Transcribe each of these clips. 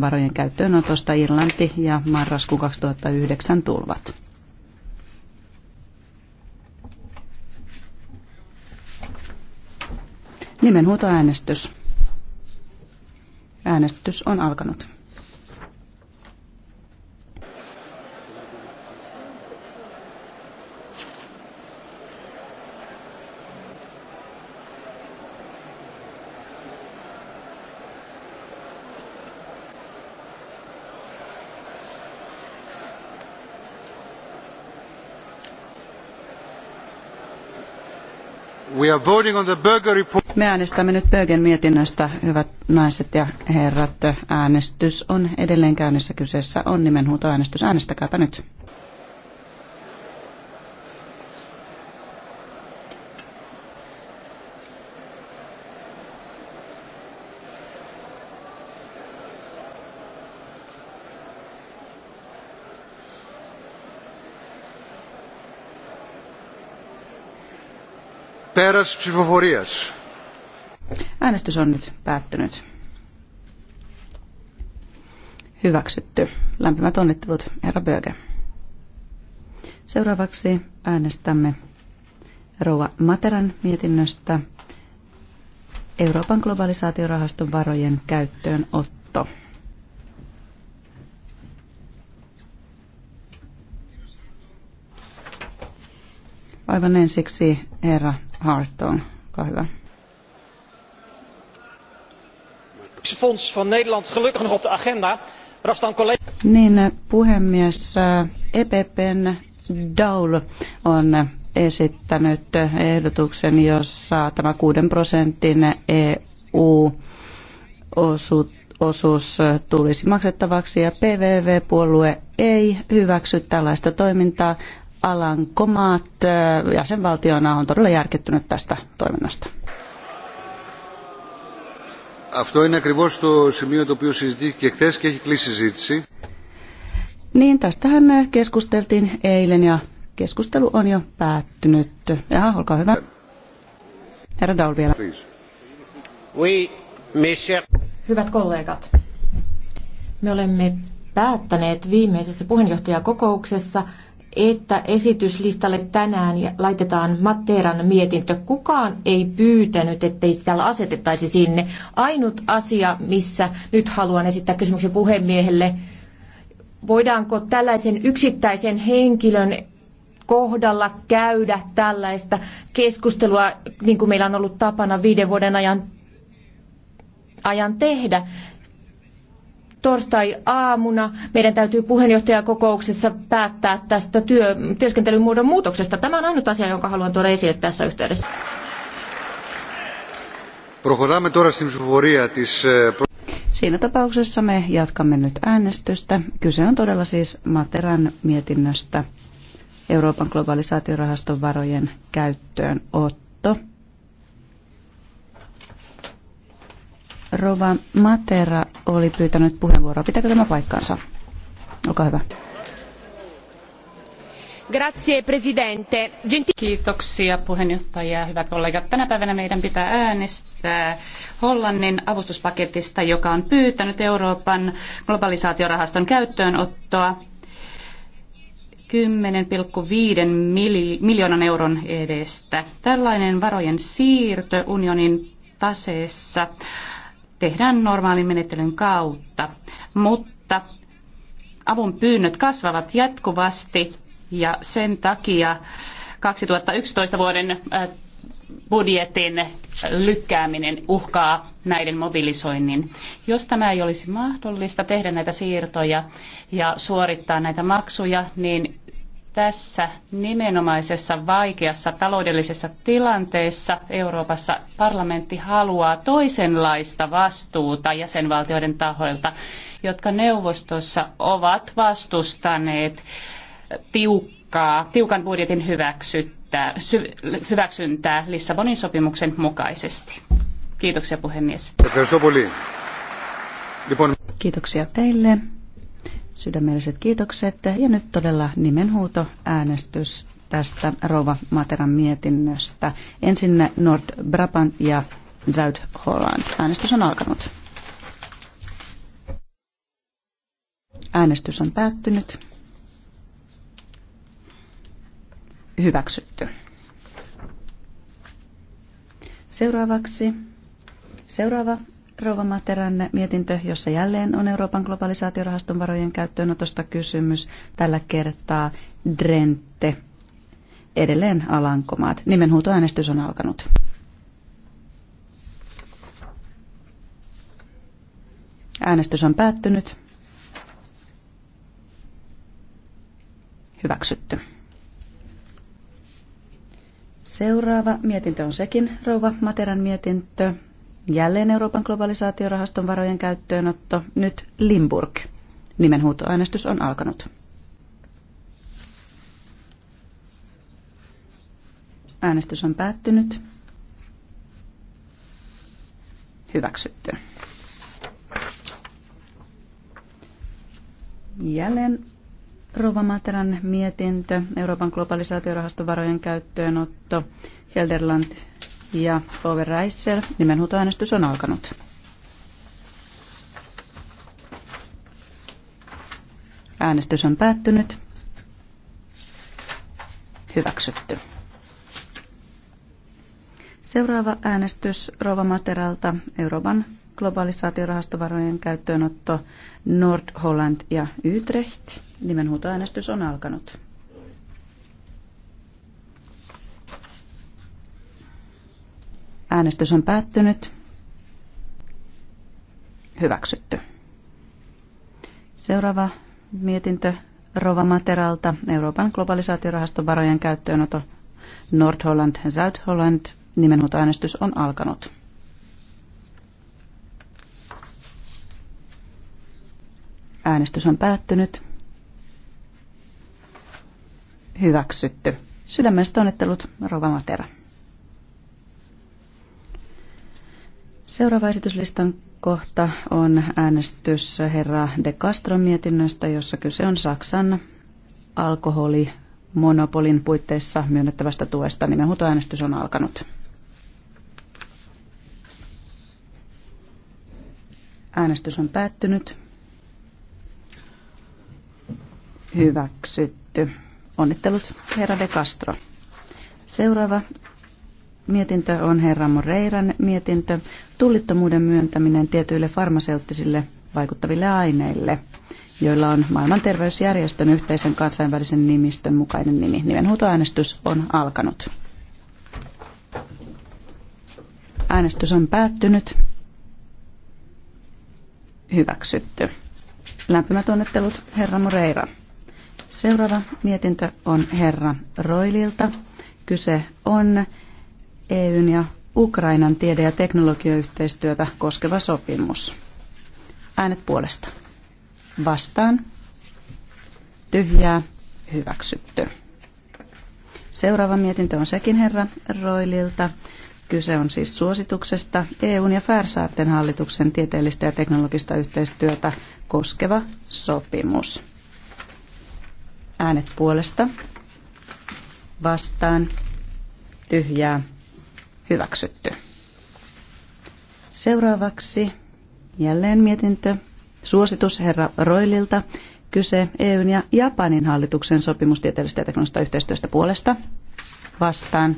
varojen käyttöönotosta Irlanti ja marrasku 2009 tulvat. Nimenhuutoäänestys. Äänestys on alkanut. Me äänestämme nyt Bögen mietinnöstä, hyvät naiset ja herrat. Äänestys on edelleen käynnissä. Kyseessä on nimenhuutoäänestys. Äänestäkääpä nyt. Äänestys on nyt päättynyt. Hyväksytty. Lämpimät onnittelut, herra Böge. Seuraavaksi äänestämme rouva Materan mietinnöstä Euroopan globalisaatiorahaston varojen käyttöönotto. Aivan ensiksi herra Harton. Olkaa hyvä. Fonds van Nederland gelukkig nog op de agenda. Rastan collega... Niin, puhemies, EPPn eh, e Daul on esittänyt ehdotuksen, jossa tämä 6 prosentin EU-osuus tulisi maksettavaksi ja PVV-puolue ei hyväksy tällaista toimintaa. Alankomaat äh, jäsenvaltiona on todella järkyttynyt tästä toiminnasta. Αυτό είναι ακριβώς το σημείο το οποίο συζητήθηκε χθε και έχει κλείσει συζήτηση. Niin, tästähän keskusteltiin eilen ja keskustelu on jo päättynyt. Jaha, olkaa hyvä. Herra Daul vielä. Oui, Hyvät kollegat, me olemme päättäneet viimeisessä puheenjohtajakokouksessa, että esityslistalle tänään laitetaan Matteeran mietintö. Kukaan ei pyytänyt, ettei sitä asetettaisi sinne. Ainut asia, missä nyt haluan esittää kysymyksen puhemiehelle, voidaanko tällaisen yksittäisen henkilön kohdalla käydä tällaista keskustelua, niin kuin meillä on ollut tapana viiden vuoden ajan, ajan tehdä torstai-aamuna meidän täytyy puheenjohtajakokouksessa päättää tästä työ, työskentelymuodon muutoksesta. Tämä on ainut asia, jonka haluan tuoda esille tässä yhteydessä. Siinä tapauksessa me jatkamme nyt äänestystä. Kyse on todella siis Materan mietinnöstä Euroopan globalisaatiorahaston varojen käyttöön otto. Rova Matera oli pyytänyt puheenvuoroa. Pitääkö tämä paikkaansa? Olkaa hyvä. Grazie, presidente. Kiitoksia puheenjohtaja hyvät kollegat. Tänä päivänä meidän pitää äänestää Hollannin avustuspaketista, joka on pyytänyt Euroopan globalisaatiorahaston käyttöönottoa 10,5 miljoonan euron edestä. Tällainen varojen siirto unionin taseessa tehdään normaalin menettelyn kautta, mutta avun pyynnöt kasvavat jatkuvasti ja sen takia 2011 vuoden äh, budjetin lykkääminen uhkaa näiden mobilisoinnin. Jos tämä ei olisi mahdollista tehdä näitä siirtoja ja suorittaa näitä maksuja, niin tässä nimenomaisessa vaikeassa taloudellisessa tilanteessa Euroopassa parlamentti haluaa toisenlaista vastuuta jäsenvaltioiden tahoilta, jotka neuvostossa ovat vastustaneet tiukkaa, tiukan budjetin hyväksyttää, sy, hyväksyntää Lissabonin sopimuksen mukaisesti. Kiitoksia puhemies. Kiitoksia teille. Sydämelliset kiitokset. Ja nyt todella nimenhuuto äänestys tästä Rova Materan mietinnöstä. Ensin Nord Brabant ja Zuid Holland. Äänestys on alkanut. Äänestys on päättynyt. Hyväksytty. Seuraavaksi. Seuraava Rouva Materanne, mietintö, jossa jälleen on Euroopan globalisaatiorahaston varojen käyttöönotosta kysymys. Tällä kertaa Drente, edelleen Alankomaat. Nimenhuutoäänestys on alkanut. Äänestys on päättynyt. Hyväksytty. Seuraava mietintö on sekin rouva Materan mietintö jälleen Euroopan globalisaatiorahaston varojen käyttöönotto, nyt Limburg. Nimenhuutoäänestys on alkanut. Äänestys on päättynyt. Hyväksytty. Jälleen Rova Materan mietintö, Euroopan globalisaatiorahaston varojen käyttöönotto, Helderland ja Ove Reissel. Nimenhuutoäänestys on alkanut. Äänestys on päättynyt. Hyväksytty. Seuraava äänestys Rova Materalta Euroopan globalisaatiorahastovarojen käyttöönotto Nord-Holland ja Utrecht. Nimenhuutoäänestys on alkanut. Äänestys on päättynyt. Hyväksytty. Seuraava mietintö Rova Materalta, Euroopan globalisaatiorahaston varojen käyttöönoto Nord-Holland ja South-Holland. Nimenhuutoäänestys on alkanut. Äänestys on päättynyt. Hyväksytty. Sydämestä onnittelut, Rova Matera. Seuraava esityslistan kohta on äänestys herra De Castron mietinnöstä, jossa kyse on Saksan alkoholimonopolin puitteissa myönnettävästä tuesta. Nimenhuutoäänestys on alkanut. Äänestys on päättynyt. Hyväksytty. Onnittelut, herra De Castro. Seuraava mietintö on herra Moreiran mietintö tullittomuuden myöntäminen tietyille farmaseuttisille vaikuttaville aineille, joilla on maailman terveysjärjestön yhteisen kansainvälisen nimistön mukainen nimi. Nimenhuutoäänestys on alkanut. Äänestys on päättynyt. Hyväksytty. Lämpimät onnettelut, herra Moreira. Seuraava mietintö on herra Roililta. Kyse on EUn ja Ukrainan tiede- ja teknologiayhteistyötä koskeva sopimus. Äänet puolesta. Vastaan. Tyhjää. Hyväksytty. Seuraava mietintö on sekin herra Roililta. Kyse on siis suosituksesta EUn ja Färsaarten hallituksen tieteellistä ja teknologista yhteistyötä koskeva sopimus. Äänet puolesta. Vastaan. Tyhjää hyväksytty. Seuraavaksi jälleen mietintö. Suositus herra Roililta. Kyse EUn ja Japanin hallituksen sopimustieteellisestä ja teknologista yhteistyöstä puolesta. Vastaan.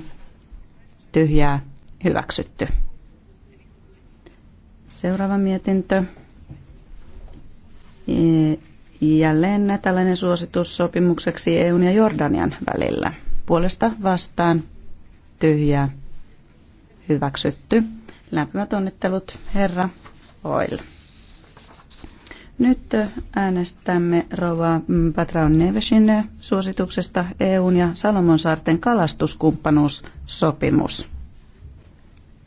Tyhjää. Hyväksytty. Seuraava mietintö. E, jälleen tällainen suositus sopimukseksi EUn ja Jordanian välillä. Puolesta vastaan. Tyhjää hyväksytty. Lämpimät onnittelut, herra Oil. Nyt äänestämme rouva Patraun Nevesin suosituksesta EUn ja Salomonsaarten kalastuskumppanuussopimus.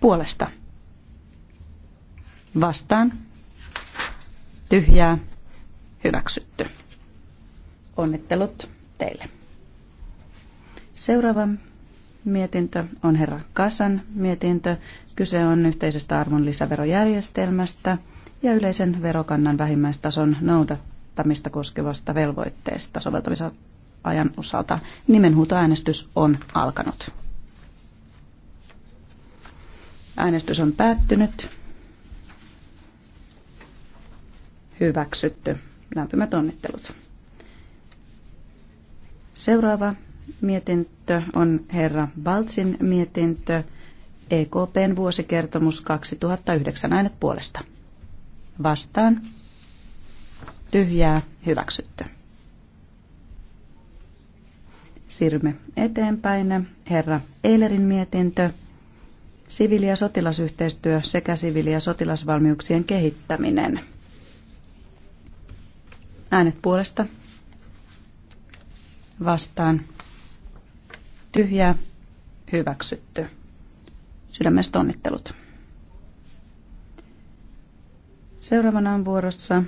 Puolesta. Vastaan. Tyhjää. Hyväksytty. Onnittelut teille. Seuraava mietintö on herra Kasan mietintö. Kyse on yhteisestä arvonlisäverojärjestelmästä ja yleisen verokannan vähimmäistason noudattamista koskevasta velvoitteesta soveltamisajan osalta. Nimenhuutoäänestys on alkanut. Äänestys on päättynyt. Hyväksytty. Lämpimät onnittelut. Seuraava mietintö on herra Baltsin mietintö, EKPn vuosikertomus 2009 äänet puolesta. Vastaan. Tyhjää hyväksytty. Siirrymme eteenpäin. Herra Eilerin mietintö. Siviili- ja sotilasyhteistyö sekä siviili- ja sotilasvalmiuksien kehittäminen. Äänet puolesta. Vastaan tyhjää, hyväksytty. Sydämestä onnittelut. Seuraavana on vuorossa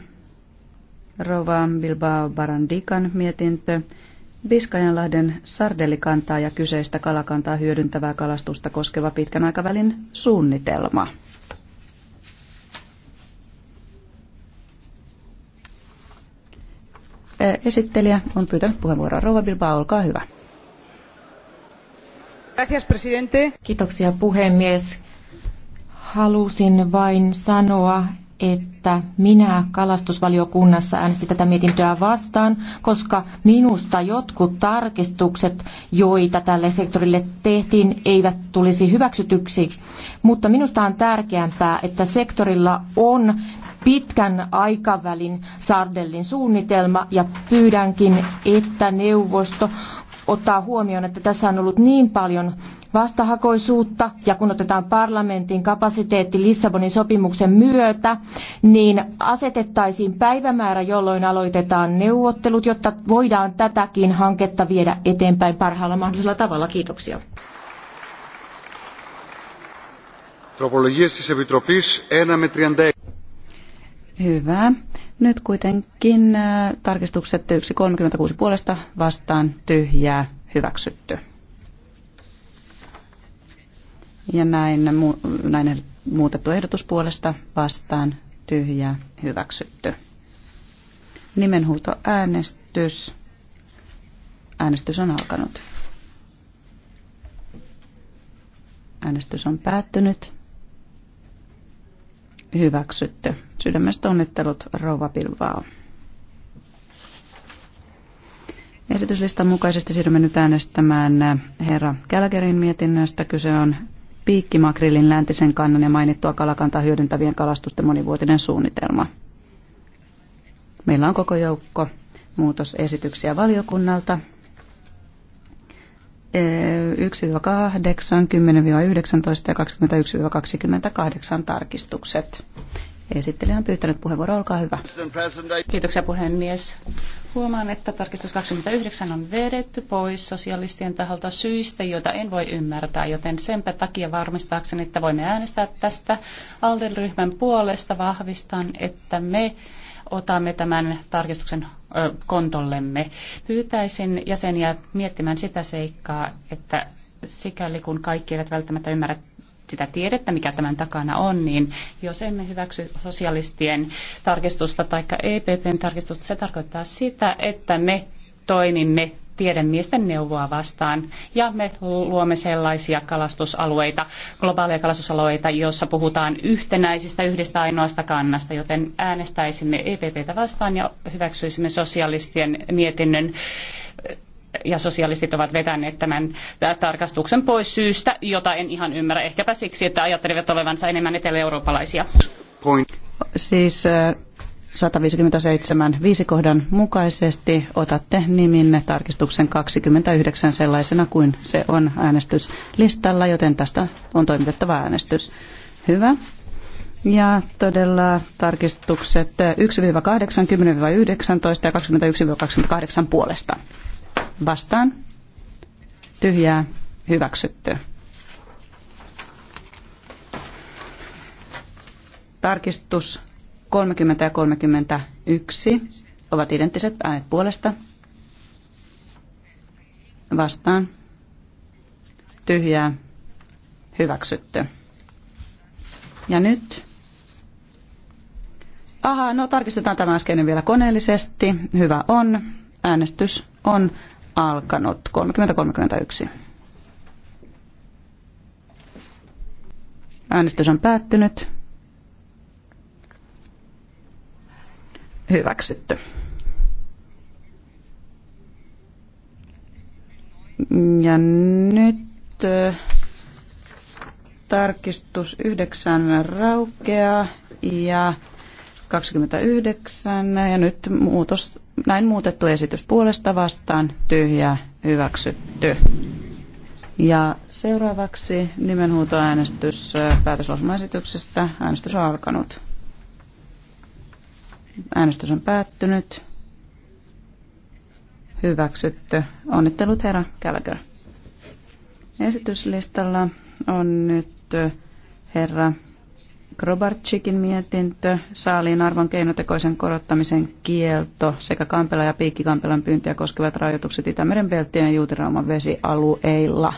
Rova Bilbao Barandikan mietintö. Biskajanlahden sardelikantaa ja kyseistä kalakantaa hyödyntävää kalastusta koskeva pitkän aikavälin suunnitelma. Esittelijä on pyytänyt puheenvuoroa. Rova Bilbao, olkaa hyvä. Kiitoksia puhemies. Halusin vain sanoa, että minä kalastusvaliokunnassa äänestin tätä mietintöä vastaan, koska minusta jotkut tarkistukset, joita tälle sektorille tehtiin, eivät tulisi hyväksytyksi. Mutta minusta on tärkeämpää, että sektorilla on pitkän aikavälin Sardellin suunnitelma ja pyydänkin, että neuvosto ottaa huomioon, että tässä on ollut niin paljon vastahakoisuutta ja kun otetaan parlamentin kapasiteetti Lissabonin sopimuksen myötä, niin asetettaisiin päivämäärä, jolloin aloitetaan neuvottelut, jotta voidaan tätäkin hanketta viedä eteenpäin parhaalla mahdollisella tavalla. Kiitoksia. Hyvä. Nyt kuitenkin äh, tarkistukset 1.36 puolesta vastaan tyhjää hyväksytty. Ja näin, näin muutettu ehdotus puolesta vastaan tyhjää hyväksytty. Nimenhuuto äänestys. Äänestys on alkanut. Äänestys on päättynyt hyväksytty. Sydämestä onnittelut, rouva Pilvao. Esityslistan mukaisesti siirrymme nyt äänestämään äh, herra Kälkerin mietinnöstä. Kyse on piikkimakrillin läntisen kannan ja mainittua kalakantaa hyödyntävien kalastusten monivuotinen suunnitelma. Meillä on koko joukko muutosesityksiä valiokunnalta. 1-8, 10-19 ja 21-28 tarkistukset. Esittelijä on pyytänyt puheenvuoroa, olkaa hyvä. Kiitoksia puhemies. Huomaan, että tarkistus 29 on vedetty pois sosialistien taholta syistä, joita en voi ymmärtää, joten senpä takia varmistaakseni, että voimme äänestää tästä Alden ryhmän puolesta, vahvistan, että me otamme tämän tarkistuksen kontollemme. Pyytäisin jäseniä miettimään sitä seikkaa, että sikäli kun kaikki eivät välttämättä ymmärrä sitä tiedettä, mikä tämän takana on, niin jos emme hyväksy sosialistien tarkistusta tai EPPn tarkistusta, se tarkoittaa sitä, että me toimimme tiedemiesten neuvoa vastaan. Ja me luomme sellaisia kalastusalueita, globaaleja kalastusalueita, joissa puhutaan yhtenäisistä yhdestä ainoasta kannasta, joten äänestäisimme EPPtä vastaan ja hyväksyisimme sosialistien mietinnön ja sosialistit ovat vetäneet tämän tarkastuksen pois syystä, jota en ihan ymmärrä. Ehkäpä siksi, että ajattelivat olevansa enemmän etelä-eurooppalaisia. Point. Siis äh, 157 5 kohdan mukaisesti otatte niminne tarkistuksen 29 sellaisena kuin se on äänestyslistalla, joten tästä on toimitettava äänestys. Hyvä. Ja todella tarkistukset 1-8, 10-19 ja 21-28 puolesta. Vastaan. Tyhjää. Hyväksytty. Tarkistus 30 ja 31 ovat identtiset äänet puolesta. Vastaan. Tyhjää. Hyväksytty. Ja nyt. Ahaa, no tarkistetaan tämä äskeinen vielä koneellisesti. Hyvä on. Äänestys on alkanut. 30.31. Äänestys on päättynyt. hyväksytty. Ja nyt tarkistus 9 raukeaa ja 29 ja nyt muutos, näin muutettu esitys puolesta vastaan tyhjä hyväksytty. Ja seuraavaksi nimenhuutoäänestys päätöslausumaesityksestä. Äänestys on alkanut. Äänestys on päättynyt. Hyväksytty. Onnittelut herra Gallagher. Esityslistalla on nyt herra Grobarczykin mietintö, saaliin arvon keinotekoisen korottamisen kielto sekä Kampela ja Piikkikampelan pyyntiä koskevat rajoitukset Itämeren pelttien ja Juutirauman vesialueilla.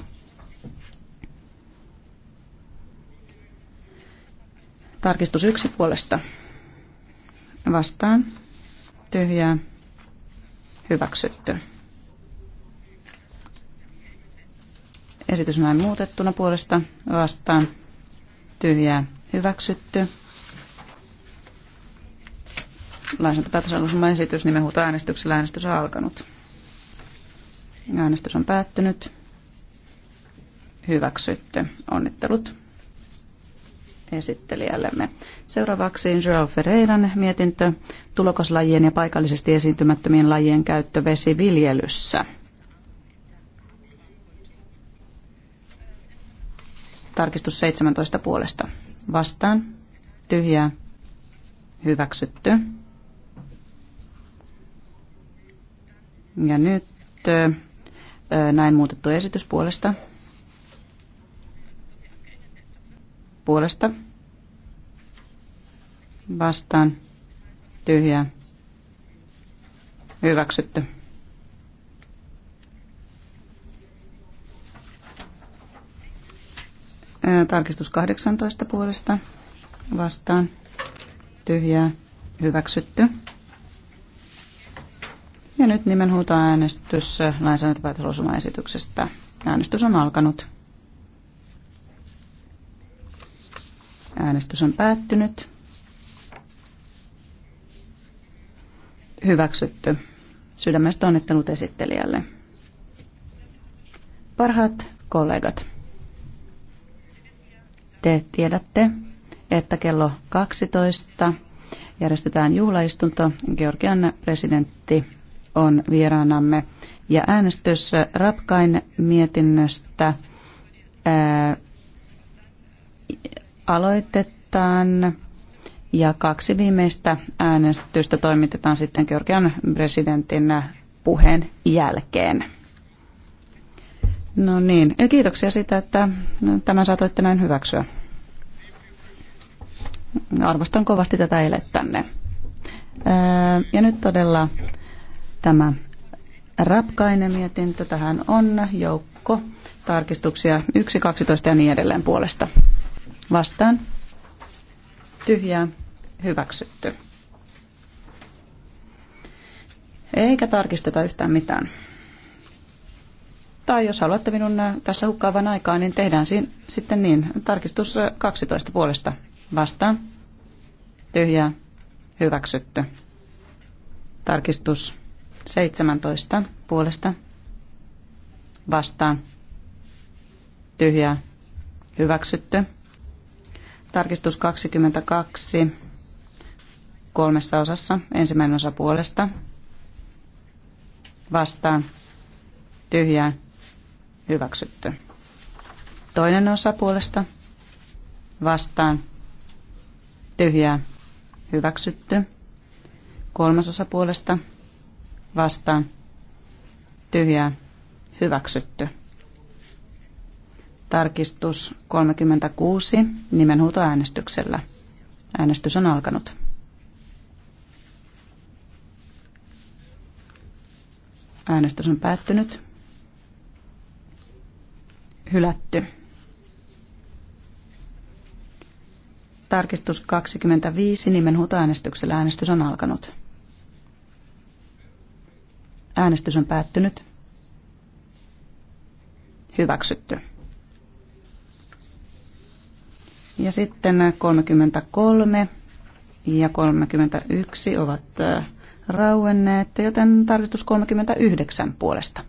Tarkistus yksi puolesta vastaan tyhjää hyväksytty. Esitys näin muutettuna puolesta vastaan tyhjää hyväksytty. Lainsäädäntöpäätösalusuma esitys nimenhuuto äänestyksellä äänestys on alkanut. Äänestys on päättynyt. Hyväksytty. Onnittelut esittelijällemme. Seuraavaksi Joao Ferreiran mietintö tulokaslajien ja paikallisesti esiintymättömien lajien käyttö vesiviljelyssä. Tarkistus 17 puolesta. Vastaan. Tyhjää. Hyväksytty. Ja nyt näin muutettu esitys puolesta puolesta vastaan tyhjää hyväksytty. Tarkistus 18 puolesta vastaan tyhjää hyväksytty. Ja nyt äänestys lainsäädäntöpäätöslausumaesityksestä. Äänestys on alkanut. Äänestys on päättynyt. Hyväksytty. Sydämestä onnittelut esittelijälle. Parhaat kollegat, te tiedätte, että kello 12 järjestetään juhlaistunto. Georgian presidentti on vieraanamme ja äänestys Rapkain mietinnöstä aloitetaan ja kaksi viimeistä äänestystä toimitetaan sitten Georgian presidentin puheen jälkeen. No niin, ja kiitoksia siitä, että tämän saatoitte näin hyväksyä. Arvostan kovasti tätä elettänne. Ja nyt todella tämä rapkainen mietintö. Tähän on joukko tarkistuksia 1, 12 ja niin edelleen puolesta. Vastaan. Tyhjää. Hyväksytty. Eikä tarkisteta yhtään mitään. Tai jos haluatte minun äh, tässä hukkaavan aikaa, niin tehdään si- sitten niin. Tarkistus 12 äh, puolesta vastaan. Tyhjää. Hyväksytty. Tarkistus 17 puolesta vastaan. Tyhjää. Hyväksytty. Tarkistus 22 kolmessa osassa. Ensimmäinen osa puolesta. Vastaan. Tyhjään. Hyväksytty. Toinen osa puolesta. Vastaan. Tyhjää. Hyväksytty. Kolmas osa puolesta. Vastaan. Tyhjää. Hyväksytty. Tarkistus 36 nimenhuutoäänestyksellä. Äänestys on alkanut. Äänestys on päättynyt. Hylätty. Tarkistus 25 nimenhuutoäänestyksellä. Äänestys on alkanut. Äänestys on päättynyt. Hyväksytty. Ja sitten 33 ja 31 ovat rauenneet, joten tarkistus 39 puolesta.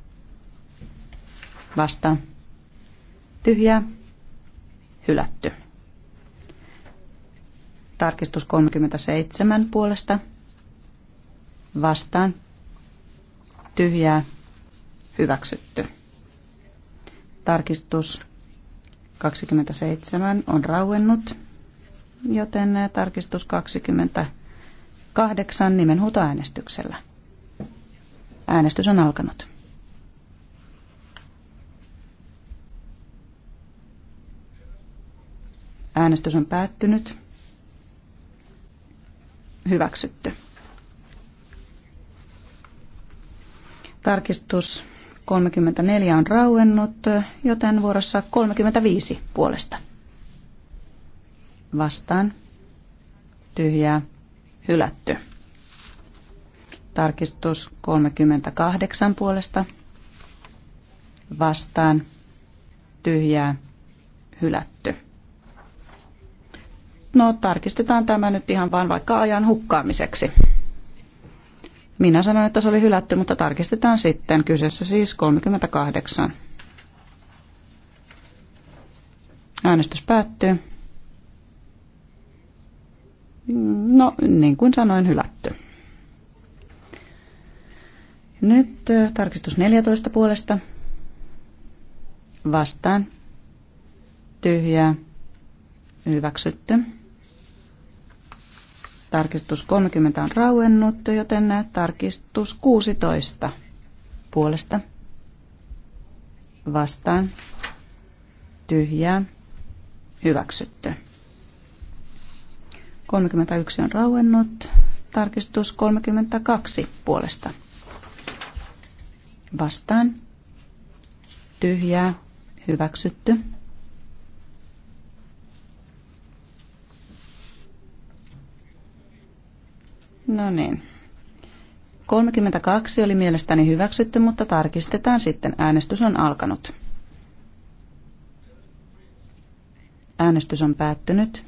Vasta. Tyhjä. Hylätty. Tarkistus 37 puolesta. Vastaan. Tyhjää. Hyväksytty. Tarkistus 27 on rauennut, joten tarkistus 28 nimenhuutoäänestyksellä. Äänestys on alkanut. Äänestys on päättynyt. Hyväksytty. Tarkistus 34 on rauennut, joten vuorossa 35 puolesta. Vastaan. Tyhjää. Hylätty. Tarkistus 38 puolesta. Vastaan. Tyhjää. Hylätty. No, tarkistetaan tämä nyt ihan vain vaikka ajan hukkaamiseksi. Minä sanoin, että se oli hylätty, mutta tarkistetaan sitten. Kyseessä siis 38. Äänestys päättyy. No, niin kuin sanoin, hylätty. Nyt tarkistus 14 puolesta. Vastaan. Tyhjää. Hyväksytty. Tarkistus 30 on rauennut, joten näet tarkistus 16 puolesta vastaan tyhjää hyväksytty. 31 on rauennut, tarkistus 32 puolesta vastaan tyhjää hyväksytty. No niin. 32 oli mielestäni hyväksytty, mutta tarkistetaan sitten. Äänestys on alkanut. Äänestys on päättynyt.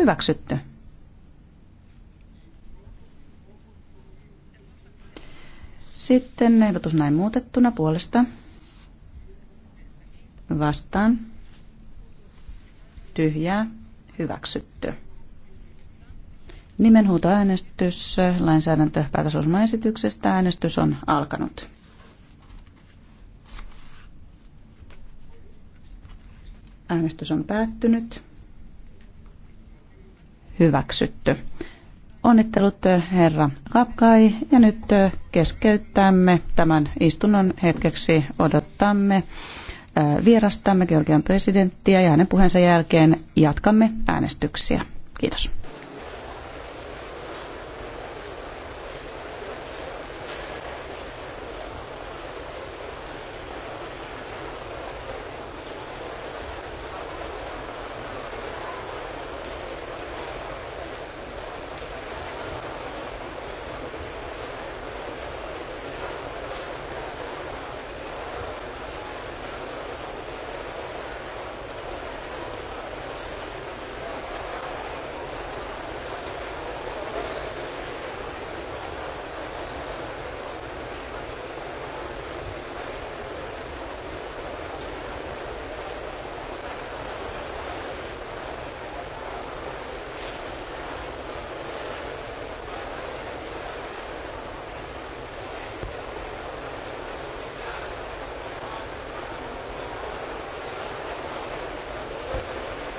Hyväksytty. Sitten ehdotus näin muutettuna puolesta. Vastaan. Tyhjää. Hyväksytty. Nimenhuutoäänestys esityksestä Äänestys on alkanut. Äänestys on päättynyt. Hyväksytty. Onnittelut eh, herra Kapkai ja nyt eh, keskeyttämme tämän istunnon hetkeksi. Odottamme eh, vierastamme Georgian presidenttiä ja hänen puheensa jälkeen jatkamme äänestyksiä. Kiitos.